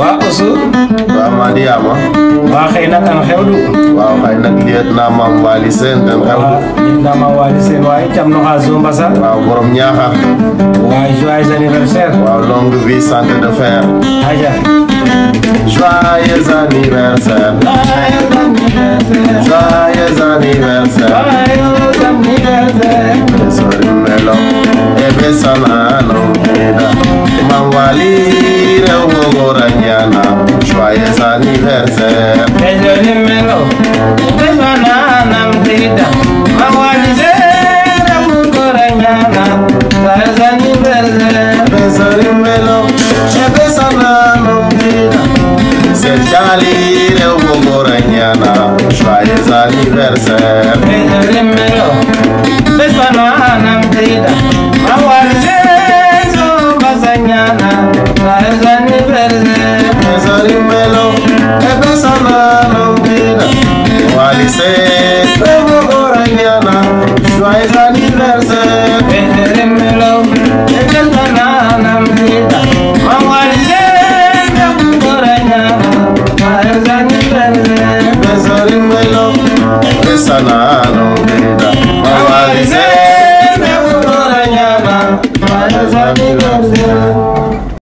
waa aussi. waa maa di yaama. waa xëy na kan xew du. waaw xëy na liet naa maam Waly Sène kan xew du. liet naa maam Waly Sène waaye cam no xaa zo mbasa. waaw borom ñaaxa. waaye joyeux anniversaire. waaw longue vie santé de fer. aja. joyeux anniversaire. joyeux anniversaire. joyeux anniversaire. banana, joyeux anniversaire. Désolé, mais non, des bananas, m'dida. Ma wajizera, m'goranyana, joyeux anniversaire. Désolé, mais non, j'ai des bananas, m'dida. C'est Jali, le m'goranyana, joyeux anniversaire. Désolé, mais non, melo ebe sama na mpira walise ebe gora nyana jwai za diverse ebe melo ebe sana na mpira walise ebe gora nyana jwai za diverse ebe zori melo ebe sana na mpira walise ebe gora nyana jwai za diverse